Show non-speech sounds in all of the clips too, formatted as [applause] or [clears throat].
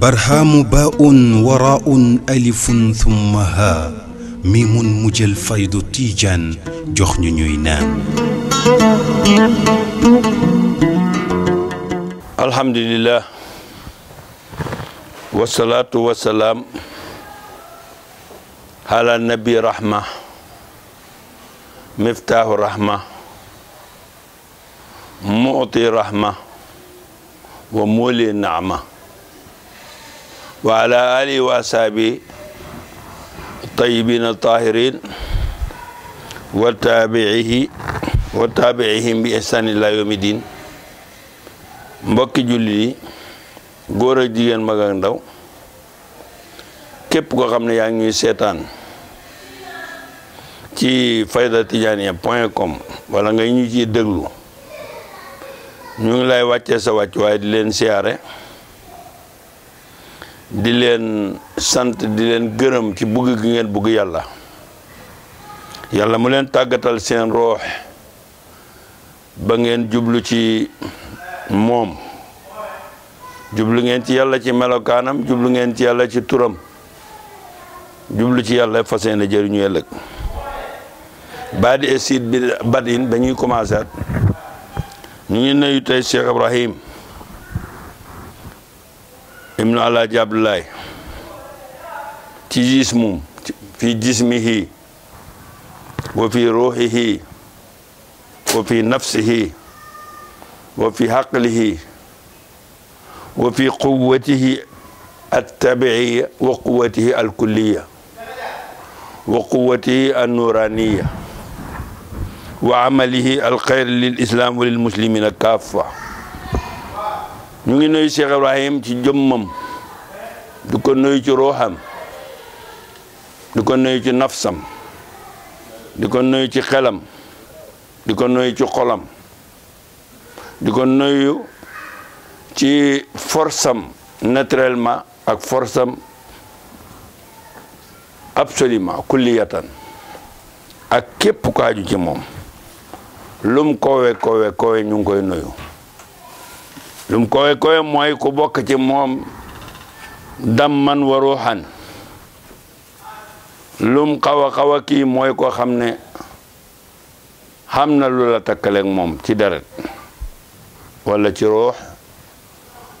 برهام باء وراء ألف ثم ها ميم مجل فيض تيجان جخن نينان الحمد لله والصلاة والسلام على النبي رحمة مفتاح رحمه mu'ti rahmah wa muli na'mah wa ala ali wa ashabi tayyibin tahirin wa tabi'ihi wa tabi'ihim bi ihsan ila yawmiddin mbok julli gora jigen maga ndaw kep ko xamne ya ngi setan ci faydatijania.com wala ngay ñu ci deglu ñu ngi lay wacce sa wacc way di len siaré di len sant di len gëreum ci bëgg gi ngeen bëgg yalla yalla mu len tagatal seen roh ba ngeen jublu ci mom, jublu ngeen ci yalla ci melokanam jublu ngeen ci yalla ci turam jublu ci yalla fas yéene ñu ëllëg badi esid bi badin dañuy commencer نينا يتاي شيخ ابراهيم ابن على جاب الله تي في جسمه وفي روحه وفي نفسه وفي عقله وفي قوته التبعية وقوته الكلية وقوته النورانية wa amalihi alxeyr lil islaam wa lil muslimina kaafa ñu ngi nuyu Cheikh Ibrahim ci jëmmam du ko nuyu ci ruuxam du ko nuyu ci nafsam di ko nuyu ci xelam di ko nuyu ci xolam di ko nuyu ci forsam naturellement ak forsam absolument kulliyatan ak képp ko aju ci moom lum kowe kowe kowe ñu ngi koy nuyu lum kowe kowe mooy ku bokk ci moom damman wa ruuxan lum xaw a xaw kii mooy koo xam ne xam na lu la takkaleeg moom ci deret walla ci ruux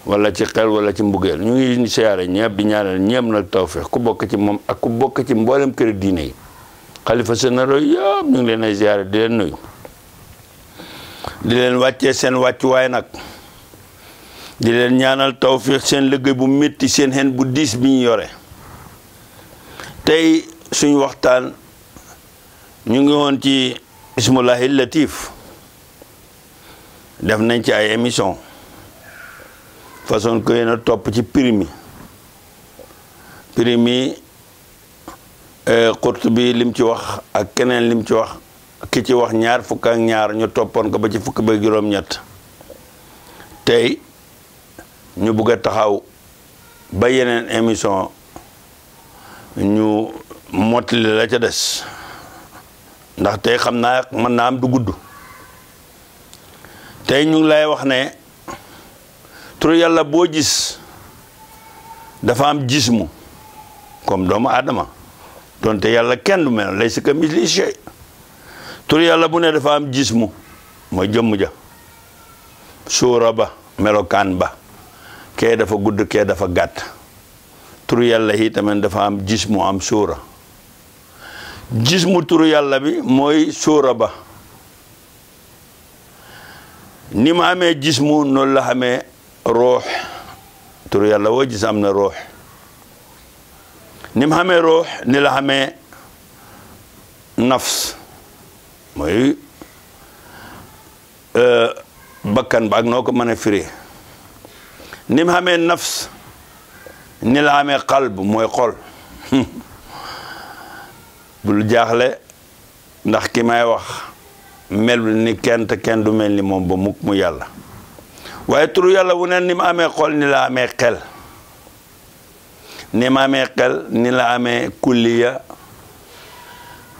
wala ci xel wala ci mbugeel ñu ngi siyaare ñëpp di ñaanal ñëpp nag tawfeex ku bokk ci moom ak ku bokk ci mboolem kër diine yi xalifa seen yëpp ñu ngi leen siyaare di leen nuyu di leen wàccee seen wàccuwaay nag di leen ñaanal tawfiix seen liggéey bu métti seen xen bu diis bi ñu yore tey suñu waxtaan ñu ngi woon ci ismullahi latif def nañ ci ay émission façon ko yéen a topp ci primi primi xurt euh, bi lim ci wax ak keneen lim ci wax ki ci wax ñaar fukk ñaar ñu toppoon ko ba ci fukk ba juróom-ñett tey ñu bëgg a taxaw ba yeneen émission ñu mottali la ca des ndax tey xam naa mën naa am du gudd tey ñu ngi lay wax ne tur yàlla boo gis dafa am gis mu comme doomu aadama donte yàlla kenn du mel lay si ka misli shay tur yàlla bu ne dafa am jismu mooy jëmm suura ba melokaan ba kee dafa gudd kee dafa gàtt tur yàlla yi tamit dafa am jismu am suura jismu tur yàlla bi mooy suura ba ni ma amee jismu noon la amee ruux tur yàlla woo gis am na ruux ni ma xamee ruux ni la amee nafs mooy euh, bakkan ba ak noo ko mën a firi ni mu xamee nafs ni la xamee qalb mooy xol [laughs] bul jaaxle ndax ki may wax mel ni kenn te kenn du mel ni moom ba mukk mu yàlla waaye turu yàlla wu ne ni mu amee xol ni la amee xel ni mu amee xel ni la amee kulliya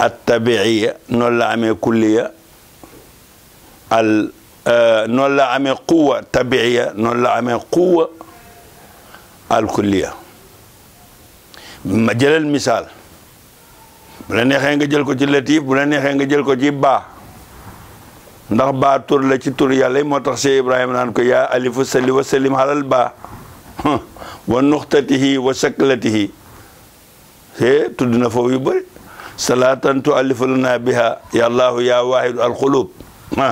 attabiiya noonu la amee kulliya al noonu la amee quwa tabiiya noonu la amee quwa al kulliya ma jëlal misaal bu la neexee nga jël ko ci latif bu la neexee nga jël ko ci baa ndax baa tur la ci tur yàlla moo tax Cheikh Ibrahima naan ko yaa alifu salli wa sallim halal baa wa nuxtatihi wa saklatihi tudd na foofu yu bëri صلاة تؤلف لنا بها يا الله يا واحد القلوب ما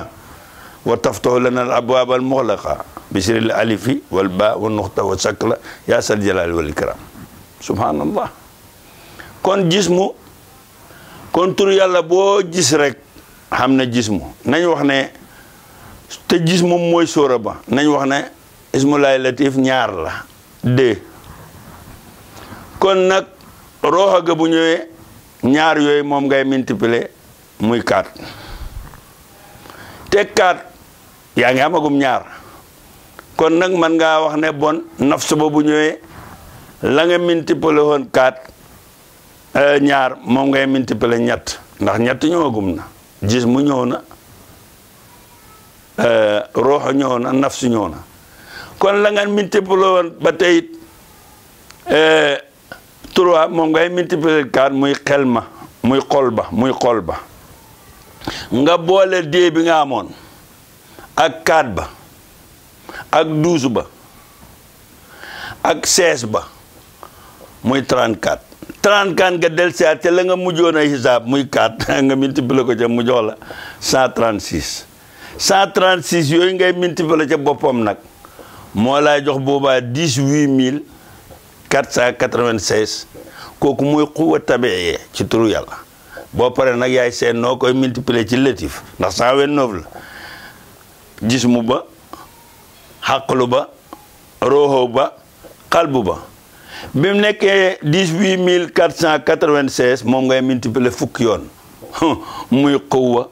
وتفتح لنا الأبواب المغلقة بسر الألف والباء والنقطة والسكلة يا سر الجلال والإكرام سبحان الله كون جسمه كون تر يالا بو جس رك xam ne jismu nañ wax ne te jismu mooy sóora ba nañ wax ne ismulaay latif ñaar la de kon nag rooxa ñaar yoy mom ngay multiplier muy 4 té 4 ya nga amagum ñaar kon nak man nga wax né bon nafs bobu bu la nga multiplier hon 4 euh ñaar mom ngay multiplier ñatt ndax ñett ñëwagum na gis mu ñëw na euh roh ñëw na nafsu ñëw na kon la nga multiplier hon ba tey it euh, trois moom ngay multiplier quatre muy mui ma mui xol ba muy nga bole dee bi nga amoon ak quatre ba ak douze ba ak seize ba muy trente quatre trente quatre nga del siaat ca la nga mujjoon a xisaab muy quatre [laughs] nga multiplier ko ca mu jox la cent 496 kooku mooy xuwa tabiiye ci turu yàlla boo paree nag yaay seen noo koy multiplier ci latif ndax 129 la jismu ba xaqlu ba roho ba xalbu ba bi mu nekkee moom ngay multiplier fukki yoon [laughs] muy xuwa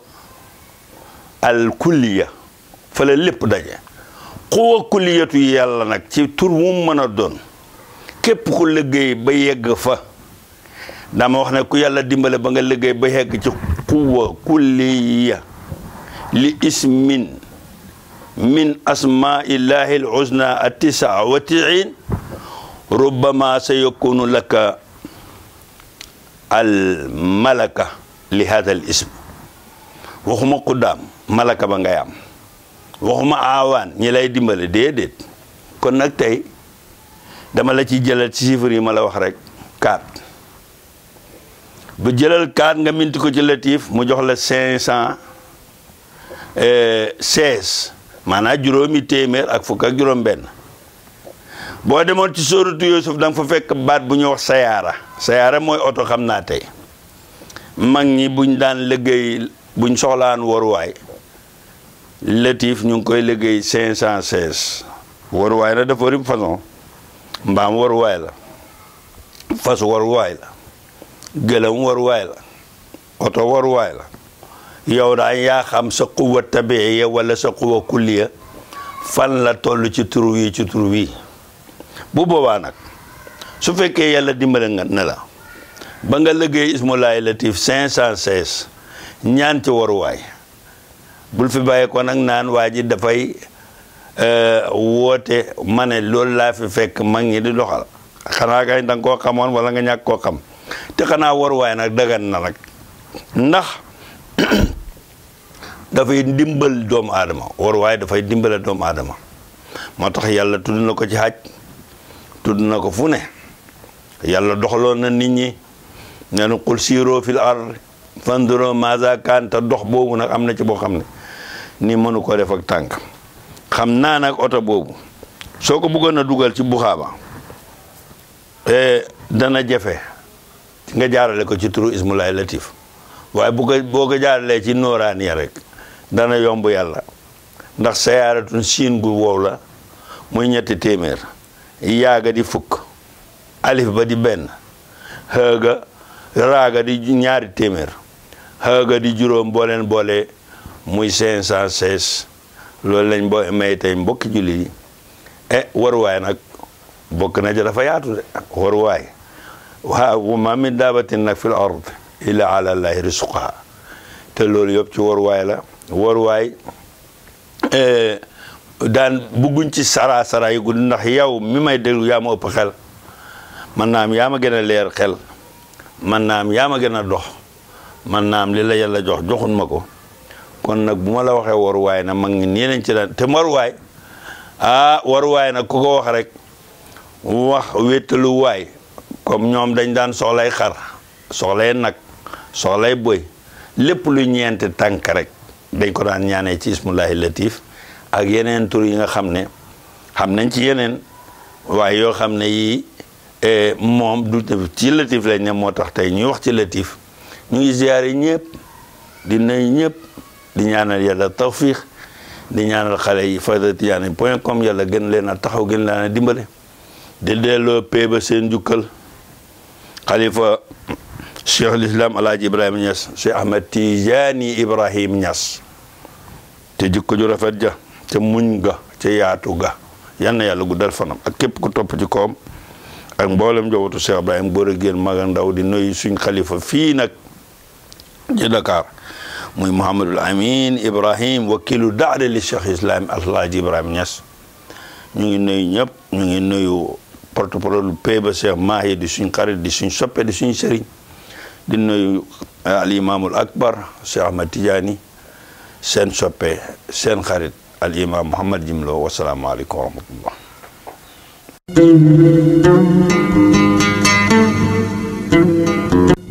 al kulliya fële lépp daje xuwa kulliyatu yàlla nag ci tur mu mën doon képp ku liggéey ba yegg fa dama wax ne ku yàlla dimbale ba nga liggéey ba yegg ci quwa kulliya li ismin min asmaillahi l husna a tisaa wa tiin rubbama sa yakunu laka al malaka li hada al ism waxuma quddaam malaka ba ngay am waxuma aawaan ñi lay dimbale déedéet kon nag tey dama la ciy jëlal ci chiffre yi ma la wax rek 4 bu jëlal 4 nga minti ko ci latif mu jox la 516 euh, maanaam juróomi téeméer ak fukk ak juróom-benn boo demoon ci sóoratu Yuusuf da nga fa fekk baat bu ñuy wax sayaara sayaara mooy oto xam naa tey mag ñi buñ daan liggéey buñ soxlaan waruwaay latif ñu ngi koy liggéey 516 waruwaay na dafa rib façon mbaam waruwaay la fas waruwaay la gëlëm waruwaay la oto waruwaay la yow daan yaa xam sa quwa tabiiya wala sa quwa kulliya fan la toll ci tur wi ci tur wi bu boobaa nag su fekkee yàlla dimbale nga ne la ba nga liggéey ismulaay latif 516 ñaan ci waruwaay bul fi bàyyi ko nag naan waa dafay Euh, woote ma ne loolu laa fi fekk mag ñi di doxal xanaa kay da nga koo xamoon wala nga ñàkk koo xam te xanaa waruwaay nag dagan na nag ndax [clears throat] dafay dimbal doomu aadama waruwaay dafay dimbale doom aadama moo tax yàlla tudd na ko ci xaj tudd na ko fu ne yàlla doxaloon na nit ñi nee na qul siiroo fil ard fanduroo maaza kaan te dox boobu nag am na ci boo xam ne ni mënu ko def ak tànk xam naa nag oto boobu soo ko bëggoon a dugal ci buxaaba e, dana jafe nga jaarale ko ci turu Ismulaay Latif waaye bu ko boo ko jaaralee ci nooraani ya rek dana yomb yàlla ndax sayaaratun siin gu wow la muy ñetti téeméer yaaga di fukk alif ba di benn xëga raaga di ñaari téeméer xëga di juróom booleen boole muy cinq cent loolu lañ boo may tey mbokki jullit yi e waruwaay nag bokk na ca dafa yaatu de waruwaay waaw wa ma min daabatin nag fil ard illa ala llahi risquha te loolu yëpp ci waruwaay la waruwaay eh, daan bugguñ ci sara sara yi gudd ndax yow mi may déglu yaa ma ëpp xel man naam yaa ma gën a leer xel man naam yaa ma gën a dox man naam li la yàlla jox joxun ma ko kon nag bu ma la waxee waruwaay na mag ñi nii lañ ci daan te maruwaay ah waruwaay nag ku ko wax rek wax wéttaluwaay comme ñoom dañ daan soxlay xar soxlay nag soxlay boy lépp lu ñeenti tànk rek dañ ko daan ñaanee ci ismullahi latif ak yeneen tur yi nga xam ne xam nañ ci yeneen waaye yoo xam ne yii eh, moom du ci latif lañ ne moo tax tey ñuy wax ci latif ñu ngi ziyaare ñëpp dinañ ñëpp di ñaanal yàlla tawfiix di ñaanal xale yi fayda tijaani point com yàlla gën leen a taxaw gën leen a dimbale di delloo pee ba seen jukkal xalifa cheikh lislam alaaji ibrahima ñas cheikh ahmed tijaani ibrahim ñas te jikko ju rafet ja te muñ ga te yaatu ga yal na yàlla guddal fanam ak képp ku topp ci koom ak mboolem jowatu cheikh ibrahim góor a génn mag a ndaw di nuyu suñ kalifa fii nag ci Dakar موي محمد الامين ابراهيم وكيل دعل للشيخ الاسلام الله جي ابراهيم نياس نيغي نوي نيب نيغي نويو بروتوكول بيبا شيخ ماهي دي سين خريط دي سين شوبي دي سين سيرين دي نويو الامام الاكبر شيخ احمد تجاني سين شوبي سين خريط الامام محمد جملو والسلام عليكم ورحمه الله Thank you.